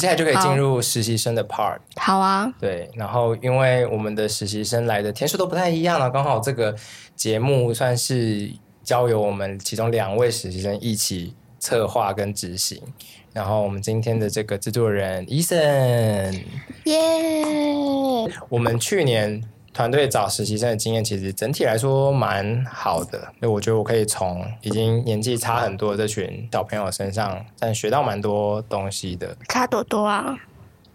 現在就可以進入實習生的 part。好啊。對，然後因為我們的實習生來的天數都不太一樣了、啊，剛好這個節目算是交由我們其中兩位實習生一起策劃跟執行。然後我們今天的這個製作人伊、e、森，耶 Yeah！我們去年。團隊找實習生的經驗其實整體來說蠻好的，那我覺得我可以從已經年紀差很多的這群小朋友身上，但學到蠻多東西的。差多多啊，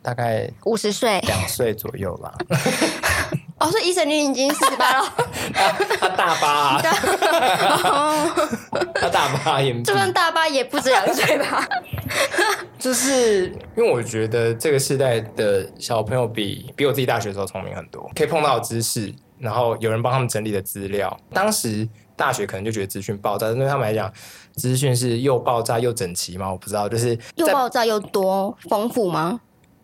大概五十歲，兩歲左右吧。 我說醫生，你、哦 e、已經四十八了 他，他大八、啊大， 他大八也、啊，就算大八也不止兩歲吧？就是因為我覺得這個世代的小朋友比比我自己大學的時候聰明很多，可以碰到知識，然後有人幫他們整理的資料。當時大學可能就覺得資訊爆炸，但對他們來講，資訊是又爆炸又整齊嗎？我不知道，就是又爆炸又多豐富嗎？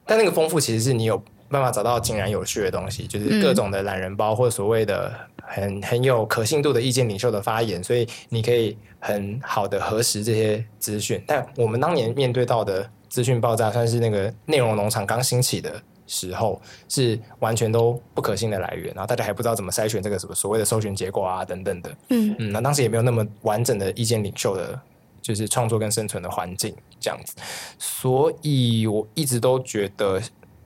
但那個豐富其實是你有。辦法找到井然有序的東西，就是各種的懶人包，或者所謂的很很有可信度的意見領袖的發言，所以你可以很好的核實這些資訊。但我們當年面對到的資訊爆炸，算是那個內容農場剛興起的時候，是完全都不可信的來源，然後大家還不知道怎麼篩選這個什麼所謂的搜尋結果啊等等的。嗯，那、嗯、當時也沒有那麼完整的意見領袖的，就是創作跟生存的環境這樣子，所以我一直都覺得。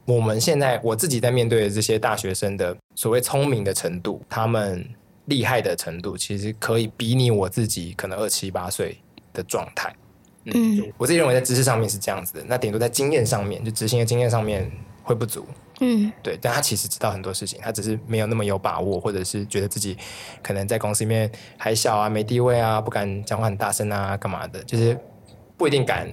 我們現在我自己在面對的這些大學生的所謂聰明的程度，他們厲害的程度，其實可以比擬我自己可能二七八歲的狀態。嗯，嗯，我自己認為在知識上面是這樣子的，那頂多在經驗上面，就執行的經驗上面會不足。嗯，對，但他其實知道很多事情，他只是沒有那麼有把握，或者是覺得自己可能在公司裡面還小啊，沒地位啊，不敢講話很大聲啊，幹嘛的，就是不一定敢。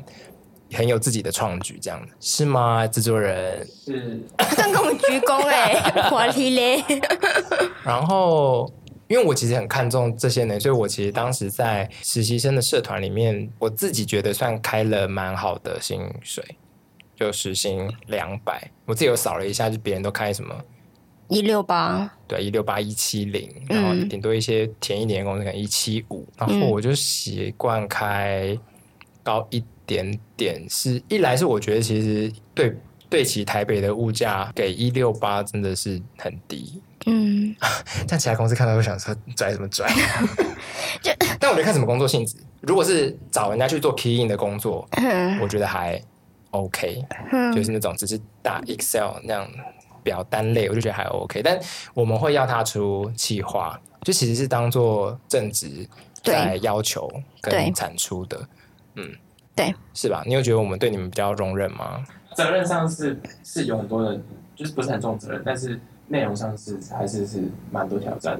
很有自己的創舉，這樣的是嗎？製作人是他剛跟我們鞠躬哎，華麗嘞。然後，因為我其實很看重這些年，所以我其實當時在實習生的社團裡面，我自己覺得算開了蠻好的薪水，就時薪兩百。我自己有掃了一下，就別人都開什麼一六八，對，一六八一七零，然後頂多一些甜一點的工資，嗯、可能一七五。然後我就習慣開高一點點是，一來是我覺得其實對對齊台北的物價給一六八真的是很低，嗯， 但其他公司看到會想說拽什麼拽， 但我覺得看什麼工作性質，如果是找人家去做 key in 的工作，嗯、我覺得還 OK，嗯、就是那種只是打 Excel 那樣比較單類，我就覺得還 OK，但我們會要他出企劃就其實是當做正職來要求跟產出的，嗯。對，是吧？你有覺得我們對你們比較容忍嗎？責任上是是有很多的，就是不是很重責任，但是內容上是還是是蠻多挑戰的。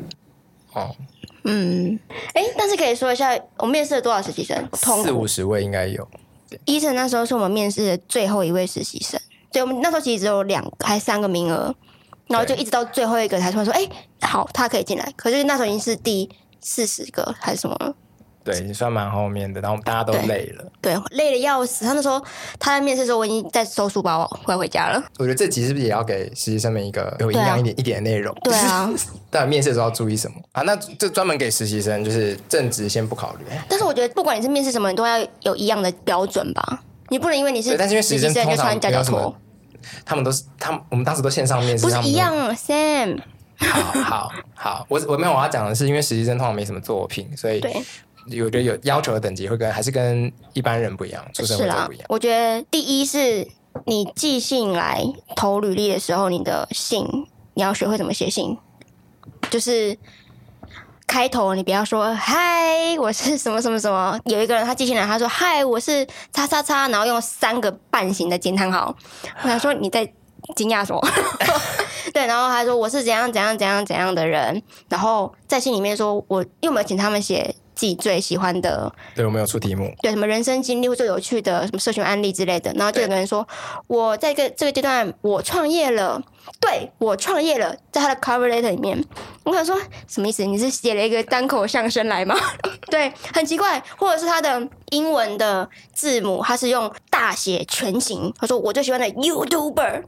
哦，嗯，哎、欸，但是可以說一下，我面試了多少實習生？通通四五十位應該有。伊晨那時候是我們面試的最後一位實習生，對，我們那時候其實只有兩還三個名額，然後就一直到最後一個才說說，哎、欸，好，他可以進來。可是那時候已經是第四十個還是什麼？.對，你算蠻後面的，然後大家都累了，啊、對，對，累得要死。他們說他在面試的時候，我已經在收書包，快回，回家了。我覺得這集是不是也要給實習生們一個有營養一點、啊、一點的內容？對啊，但、就是、面試的時候要注意什麼啊？那這專門給實習生，就是正職先不考慮。但是我覺得，不管你是面試什麼，你都要有一樣的標準吧？你不能因為你是實習生就穿夾腳拖。他們都是，他們我們當時都線上面試，不是一樣都，Sam。好好好，我我沒有，我要講的是，因為實習生通常沒什麼作品，所以。對。有的有要求的等級會跟還是跟一般人不一樣，出身會不一樣。是啊，我覺得第一是你寄信來投履歷的時候，你的信你要學會怎麼寫信，就是開頭你不要說“嗨，我是什麼什麼什麼”。有一個人他寄信來，他說“嗨，我是叉叉叉”，然後用三個半形的驚嘆號。我想說你在驚訝什麼？ 對，然後他說我是怎樣怎樣怎樣怎樣的人，然後在信裡面說我又沒有請他們寫。自己最喜歡的。對，我沒有出題目，對什麼人生經歷或最有趣的什麼社群案例之類的，然後就有個人說，對我在這這個階段我創業了，對我創業了，在他的 cover letter 裡面，我想說什麼意思？你是寫了一個單口相聲來嗎？ 對，很奇怪，或者是他的英文的字母，他是用大寫全形，他說我最喜歡的 YouTuber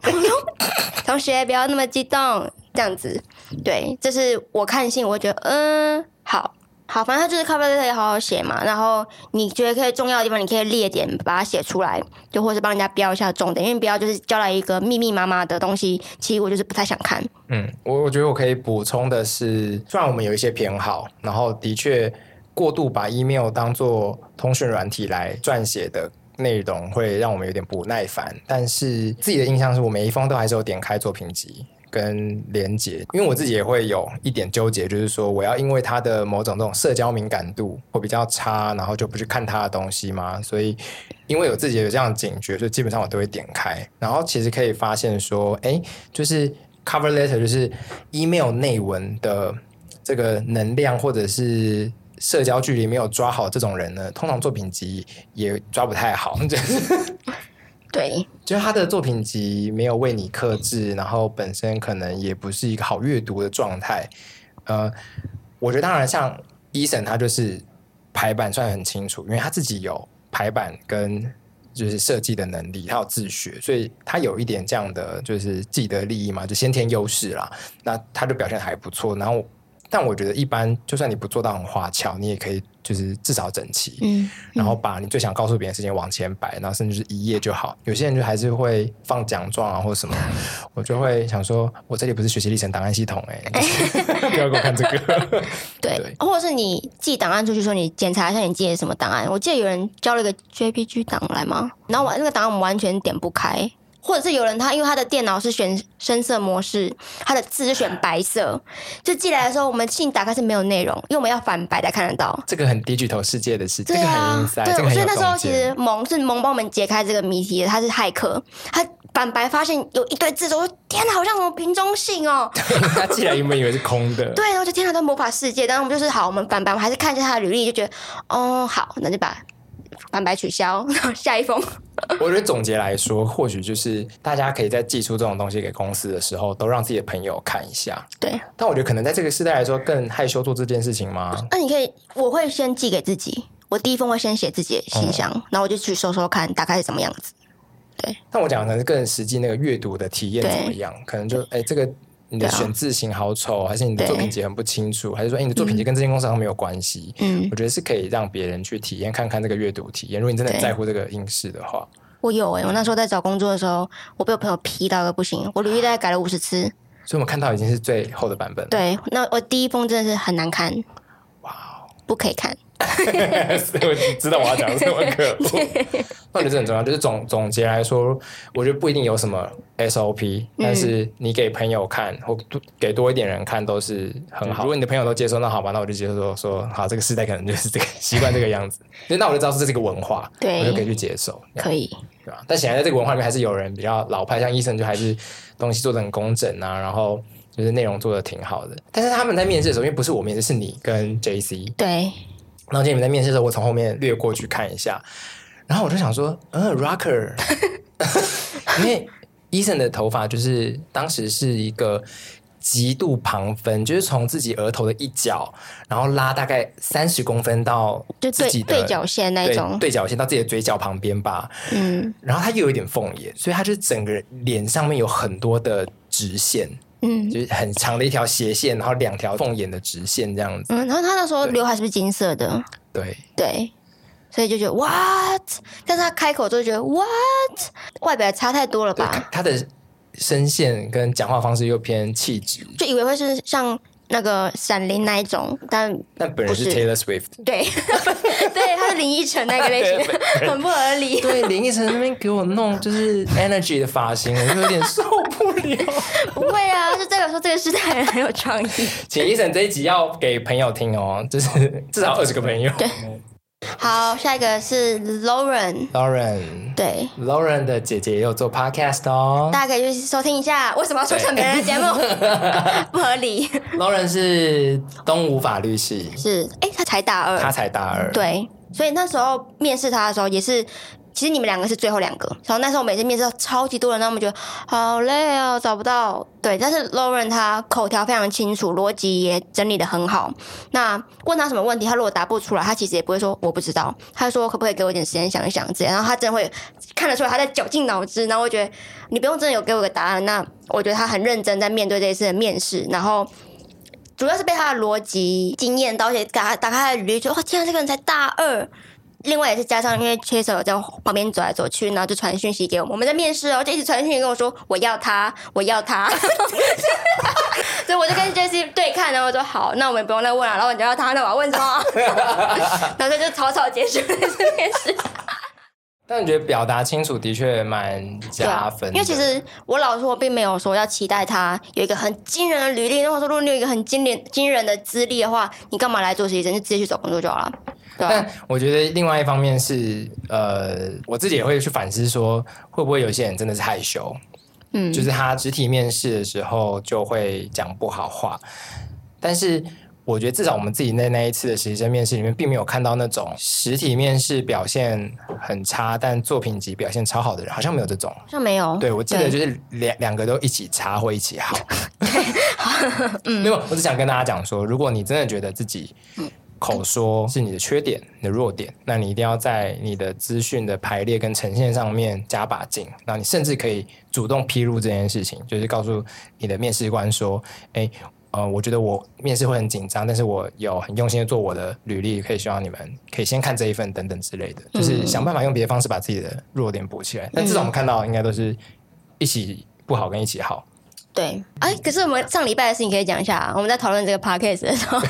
同學不要那麼激動，這樣子，對，這是我看信，我覺得嗯好。好，反正他就是 Cover letter，可以好好寫嘛。然後你覺得可以重要的地方，你可以列點把它寫出來，就或是幫人家標一下重點。因為不要就是交來一個密密麻麻的東西，其實我就是不太想看。嗯，我我覺得我可以補充的是，雖然我們有一些偏好，然後的確過度把 email 當做通訊軟體來撰寫的。內容會讓我們有點不耐煩，但是自己的印象是我每一封都還是有點開作品集跟連接，因為我自己也會有一點糾結，就是說我要因為他的某種那種社交敏感度會比較差，然後就不去看他的東西嘛。所以因為我自己有這樣的警覺，所以基本上我都會點開。然後其實可以發現說，哎、欸，就是 cover letter 就是 email 內文的這個能量或者是。社交距離沒有抓好，這種人呢，通常作品集也抓不太好。就是、對，就是他的作品集沒有為你克制，嗯、然後本身可能也不是一個好閱讀的狀態。呃，我覺得當然像 Eason 他就是排版算很清楚，因為他自己有排版跟就是設計的能力，還有自學，所以他有一點這樣的就是既得利益嘛，就先天優勢啦。那他的表現還不錯，然後。但我覺得一般，就算你不做到很花俏，你也可以就是至少整齊，嗯，嗯，然後把你最想告訴別人的事情往前擺，然後甚至是一頁就好。有些人就還是會放獎狀啊或者什麼， 我就會想說，我這裡不是學習歷程檔案系統哎，欸，就是、 不要給我看這個。 對，對。或者是你寄檔案出去，說你檢查一下你寄的什麼檔案。我記得有人交了一個 JPG 檔來嗎？然後那個檔案我們完全點不開。或者是有人他因為他的電腦是選深色模式，他的字是選白色，就寄來的時候我們信打開是沒有內容，因為我們要反白才看得到。這個很 digital 世界的世界，對啊，這個很陰塞對，這所以那時候其實萌是萌幫我們解開這個謎題的，他是駭客，他反白發現有一堆字，我說天哪，好像我們瓶中信哦，喔。對，他寄來原本以為是空的， 對，我就天哪，都魔法世界。但是我們就是好，我們反白，我們還是看一下他的履歷，就覺得哦，嗯，好，那就把反白取消，然後下一封。我覺得總結來說，或許就是大家可以在寄出這種東西給公司的時候，都讓自己的朋友看一下。對。但我覺得可能在這個時代來說，更害羞做這件事情嗎？那、啊、你可以，我會先寄給自己。我第一封會先寫自己的信箱，嗯、然後我就去搜搜看，打開是什麼樣子。對。但我講的是個人實際那個閱讀的體驗怎麼樣？對可能就哎、欸，這個你的選字型好醜，啊、還是你的作品集很不清楚，對還是說、欸、你的作品集跟這間公司好像沒有關係？嗯，我覺得是可以讓別人去體驗看看這個閱讀體驗。如果你真的很在乎這個應試的話。我有哎、欸，我那時候在找工作的時候，我被我朋友批到的不行，我履歷大概改了五十次，所以我們看到已經是最後的版本。對，那我第一封真的是很難看，哇 Wow，不可以看。 知道我要講什麼可。 我覺得這很重要，就是總總結來說，我覺得不一定有什麼 SOP，、嗯、但是你給朋友看或給多一點人看都是很好、嗯。如果你的朋友都接受，那好吧，那我就接受說好，這個時代可能就是這個習慣這個樣子。 那我就知道這是個文化，對我就可以去接受，可以，對吧？但顯然在這個文化裡面，還是有人比較老派，像醫生就還是東西做的很工整啊，然後就是內容做的挺好的。但是他們在面試的時候，因為不是我面試，是你跟 JC，對。然後今天你們在面試的時候，我從後面略過去看一下，然後我就想說，嗯、 uh,，Rocker， 因為 Eason 的頭髮就是當時是一個極度旁分，就是從自己額頭的一角，然後拉大概三十公分到就自己的就對角線那種，對角線到自己的嘴角旁邊吧。嗯，然後他又有一點鳳眼，所以他就整個臉上面有很多的直線。嗯，就是很長的一條斜線，然後兩條鳳眼的直線這樣子。嗯，然後他那時候劉海是不是金色的？對對，對，所以就覺得 what，但是他開口就覺得 what，外表差太多了吧？他的聲線跟講話方式又偏氣質，就以為會是像。那個閃靈那一種，但但本人是，是 Taylor Swift。對， 對，他是林依晨那個類型， 很不合理。對，林依晨那邊給我弄就是 energy 的髮型， 我就有點受不了。不會啊，就代表說這個時代很有創意。 請 Eason 這一集要給朋友聽哦、喔，就是至少二十個朋友。好，下一個是 Lauren, Lauren 對。Lauren，對，Lauren 的姐姐也有做 podcast 哦，大家可以去收聽一下。為什麼要收聽別人的節目？ 不合理。Lauren 是東吳法律系，是，誒，他才大二，他才大二，大二，對，所以那時候面試他的時候也是。其實你們兩個是最後兩個，然後那時候每次面試超級多人，那我們覺得好累啊、喔，找不到。對，但是 Lauren 他口條非常清楚，邏輯也整理得很好。那問他什麼問題，他如果答不出來，他其實也不會說我不知道，他就說可不可以給我一點時間想一想這樣。然後他真的會看得出來他在絞盡腦汁，然後我覺得你不用真的有給我個答案，那我覺得他很認真在面對這一次的面試。然後主要是被他的邏輯驚豔到，而且打打開履歷，覺得哇，天啊，這個人才大二。另外也是加上，因為 Chase 在旁邊走來走去，然後就傳訊息給我們。我們在面試哦，然後就一直傳訊息跟我說：“我要他，我要他。” 所以我就跟 Chase 對看，然後我就說：“好，那我們不用再問了。啊？”然後你就要他，那我要問什麼？然後就草草結束面試。但你覺得表達清楚的確蠻加分啊，因為其實我老實說，並沒有說要期待他有一個很驚人的履歷。如果說如果你有一個很驚人、驚人的資歷的話，你幹嘛來做實習生？就直接去找工作就好了。啊、但我覺得另外一方面是，呃，我自己也會去反思，說會不會有些人真的是害羞，嗯，就是他實體面試的時候就會講不好話。但是我覺得至少我們自己那那一次的實習生面試裡面，並沒有看到那種實體面試表現很差但作品集表現超好的人，好像沒有這種，像沒有。對，我記得就是兩兩對個都一起差或一起好。沒 有、okay，嗯，我只想跟大家講說，如果你真的覺得自己，嗯口說是你的缺點，你的弱點，那你一定要在你的資訊的排列跟呈現上面加把勁。那你甚至可以主動披露這件事情，就是告訴你的面試官說，欸：“呃，我覺得我面試會很緊張，但是我有很用心的做我的履歷，可以希望你們可以先看這一份等等之類的，就是想辦法用別的方式把自己的弱點補起來。但至少我們看到，應該都是一起不好跟一起好。對，哎，啊，可是我們上禮拜的事情可以講一下啊？我們在討論這個 podcast 的時候。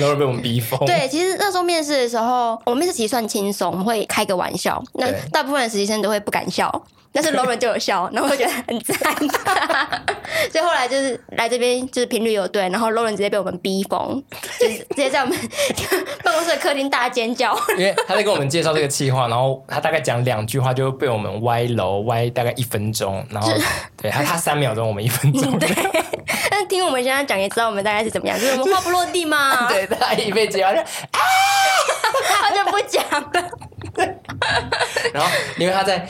都會被我們逼瘋。對，其實那時候面試的時候，我們面試其實算輕鬆，會開個玩笑。那對大部分的實習生都會不敢笑。對但是 Lauren 就有笑，然後我覺得很讚。 所以後來就是來這邊就是頻率有對，然後 Lauren 直接被我們逼瘋，就是直接在我們辦公室的客廳大尖叫。因為他在跟我們介紹這個企劃，然後他大概講兩句話就會被我們歪樓歪大概一分鐘，然後就對他他三秒鐘，我們一分鐘。對， 但是聽我們現在講也知道我們大概是怎麼樣，就是我們話不落地嘛。對，他一輩子要就，啊、 他就不講了。 然後因為他在。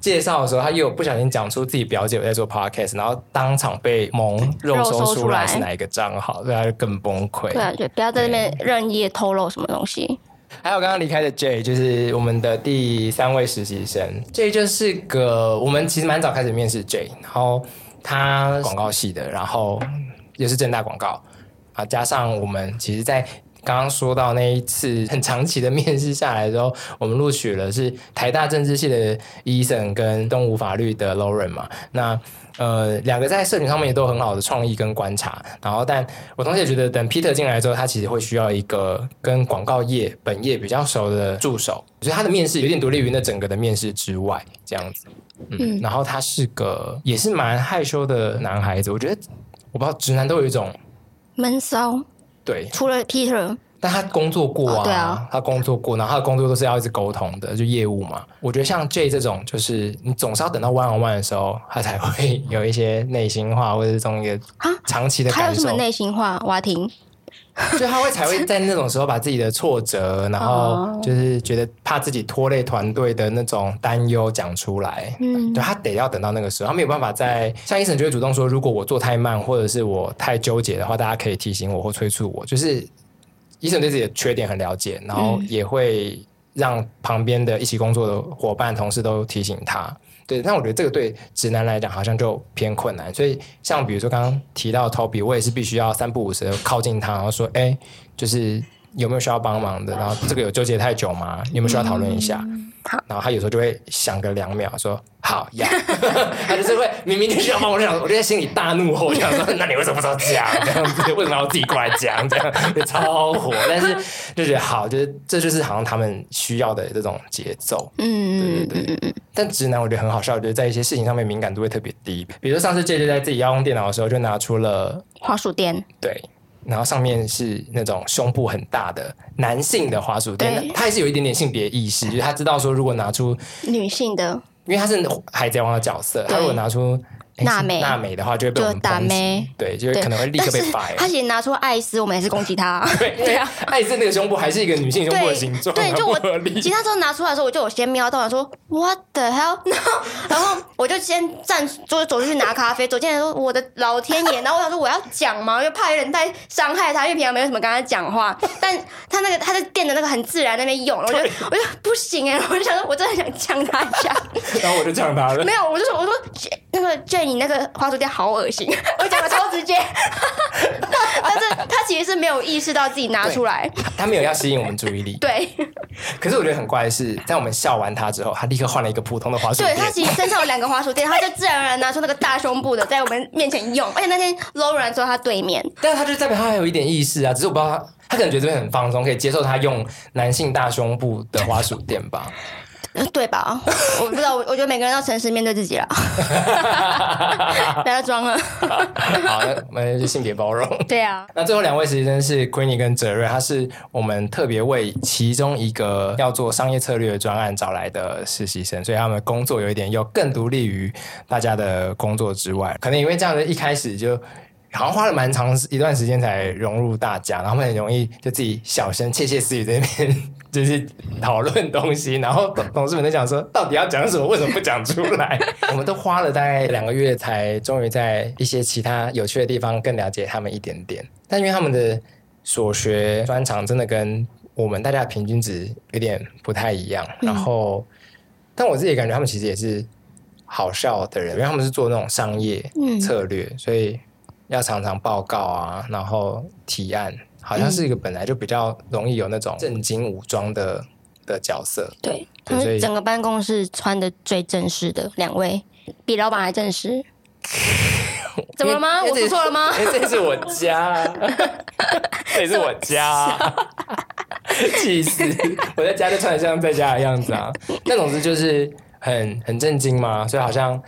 介紹的時候，他又不小心講出自己表姐在做 podcast，然後當場被蒙肉搜出來是哪一個賬號，所以他就更崩潰、啊。對啊，不要在那邊任意透露什麼東西。對還有剛剛離開的 J，就是我們的第三位實習生，J 就是個我們其實蠻早開始面試 J，然後他廣告系的，然後也是政大廣告啊，加上我們其實，在。剛剛說到那一次很長期的面試下來之後，我們錄取了是台大政治系的 Eason 跟東吳法律的 Lauren 嘛。那呃，兩個在攝影上面也都很好的創意跟觀察。然後，但我同時也覺得，等 Peter 進來之後，他其實會需要一個跟廣告業本業比較熟的助手。所以他的面試有點獨立於那整個的面試之外這樣子。嗯，嗯然後他是個也是蠻害羞的男孩子。我覺得，我不知道直男都有一種悶騷。對，除了 Peter，但他工作過啊，哦、對啊，他工作過，然後他的工作都是要一直溝通的，就業務嘛。我覺得像 Jay 這種，就是你總是要等到 one on one 的時候，他才會有一些內心話或者是這種一個啊長期的、啊。還有什麼內心話？瓦婷。所以 他會才會在那種時候把自己的挫折，然後就是覺得怕自己拖累團隊的那種擔憂講出來。嗯，對，他得要等到那個時候，他沒有辦法在像 Eason 就會主動說，如果我做太慢或者是我太糾結的話，大家可以提醒我或催促我。就是 Eason 對自己的缺點很了解，然後也會讓旁邊的一起工作的夥伴、同事都提醒他。對，但我覺得這個對直男來講好像就偏困難，所以像比如說剛剛提到 Toby，我也是必須要三不五時靠近他，然後說，哎，就是。有沒有需要幫忙的？然後這個有糾結太久嗎？嗯、你有沒有需要討論一下？好。然後他有時候就會想個兩秒說，說好呀，yeah、 他就是會明明就需要幫我講，我就在心裡大怒吼，我就想說：那你為什麼不早講這樣子？ 為什麼要自己過來講這樣？就超火。但是就覺得好，就是這就是好像他們需要的這種節奏。嗯對對對嗯嗯嗯但直男我覺得很好笑，我覺得在一些事情上面敏感度會特別低。比如說上次借就在自己要用電腦的時候，就拿出了滑鼠墊。對。然後上面是那種胸部很大的男性的花束，對，對他還是有一點點性別意識，就是他知道說，如果拿出女性的，因為他是海賊王的角色，對他如果拿出。娜美，娜美的話就會被我們，對，就是可能會立刻被敗。他其實拿出艾斯，我們也是攻擊他。對對呀，艾斯那個胸部還是一個女性胸部的形狀。對，就我其他時候拿出來的時候，我就我先瞄到，我說 What the hell？然後然後我就先站，就走出去拿咖啡。走進來說，我的老天爺！然後我想說我要講嘛，因為怕有人在傷害他，因為平常沒有什麼跟他講話。但他那個他就墊着那個很自然那邊用，我就我就不行哎！我就想說，我真的很想嗆他一下。然後我就嗆他了。沒有，我就說，我說。那個建議，那個滑鼠墊，好噁心，我講的超直接， 但是他其實是沒有意識到自己拿出來，他沒有要吸引我們注意力，對。可是我覺得很怪的是，在我們笑完他之後，他立刻換了一個普通的滑鼠墊。對，他其實身上有兩個滑鼠墊，他就自然而然拿出那個大胸部的，在我們面前用。而且那天 Laura 坐他對面，但是他就代表他還有一點意識啊，只是我不知道他，他可能覺得這邊很放鬆，可以接受他用男性大胸部的滑鼠墊吧。對吧？ 我不知道，我我覺得每個人要誠實面對自己了，不要裝了。 好，我們是性別包容。 對啊。那最後兩位實習生是 Queenie 跟澤瑞，他是我們特別為其中一個要做商業策略的專案找來的實習生，所以他們工作有一點又更獨立於大家的工作之外。可能因為這樣子，一開始就好像花了蠻長一段時間才融入大家，然後然很容易就自己小聲竊竊私語這邊。切切就是討論東西，然後董，董事們在講說，到底要講什麼，為什麼不講出來？ 我們都花了大概兩個月，才終於在一些其他有趣的地方更了解他們一點點。但因為他們的所學專長真的跟我們大家的平均值有點不太一樣，然後、嗯、但我自己感覺他們其實也是好笑的人，因為他們是做那種商業策略，嗯、所以要常常報告啊，然後提案。好像是一個，本來就比較容易有那種正經武裝的的角色，對，對他們整個辦公室穿的最正式的兩位，比老闆還正式， 怎麼了嗎？欸、我說錯了嗎？欸、這是我家、啊，我就是、 這是我家、啊，小其實我在家就穿的像在家的樣子啊，那總 之就是很很正經嘛，所以好像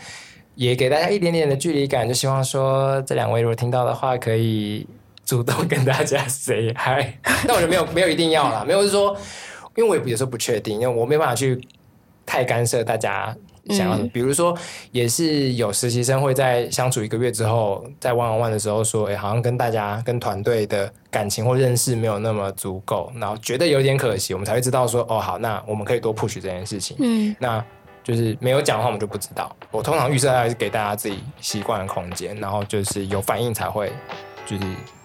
也給大家一點點的距離感，就希望說這兩位如果聽到的話可以。主動跟大家 say hi，那 我就沒有沒有一定要啦， 沒有就是說，因為我也有時候不確定，因為我沒辦法去太干涉大家想要的、嗯、比如說，也是有實習生會在相處一個月之後，在 one on one 的時候說：“哎、欸，好像跟大家跟團隊的感情或認識沒有那麼足夠，然後覺得有點可惜。”我們才會知道說：“哦，好，那我們可以多 push 這件事情。”嗯，那就是沒有講的話，我們就不知道。我通常預設還是給大家自己習慣的空間，然後就是有反應才會，就是。